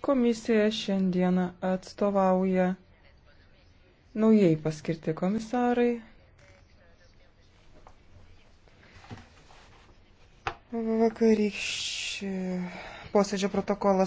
Komisija šiandieną atstovauja naujai paskirti komisarai. Vakarykščio posėdžio protokolas.